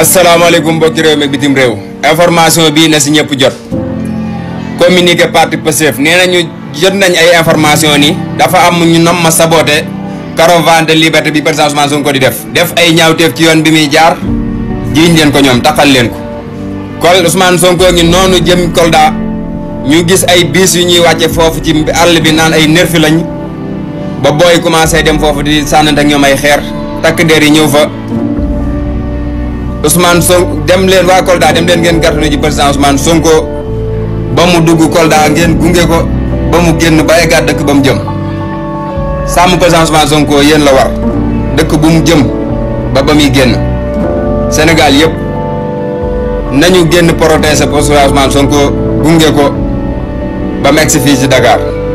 asalaamaaleykum mbokki réew mi bitim réew information bii na si ñëpp jot communiqué parti Pastef nee nañu jot nañ ay information ni dafa am ñu nam ma saboté caravane de liberté bi président son ko di def def ay ñaawteef ci yoon bi muy jaar jiiñ leen ko ñoom takkal leen ko kol Ousmane Sonko ngi noonu jëm Kolda ñu gis ay biis yu ñuy wàcce foofu ci àll bi naan ay nerfi lañ ba booy commencé dem foofu di sànnante ak ñoom ay xeer takk der yi ñëw fa Ousmane Sonko dem leen waa Kolda dem leen ngeen gàttanu ji président Ousmane Sonko ba mu dugg Kolda ngeen gunge ko ba mu génn ba eggaat dëkk ba mu jëm sàmm président Ousmane Sonko yéen la war dëkk bu mu jëm ba ba muy génn Sénégal yëpp nañu génn protester président Ousmane Sonko gunge ko ba mu egsi fii ci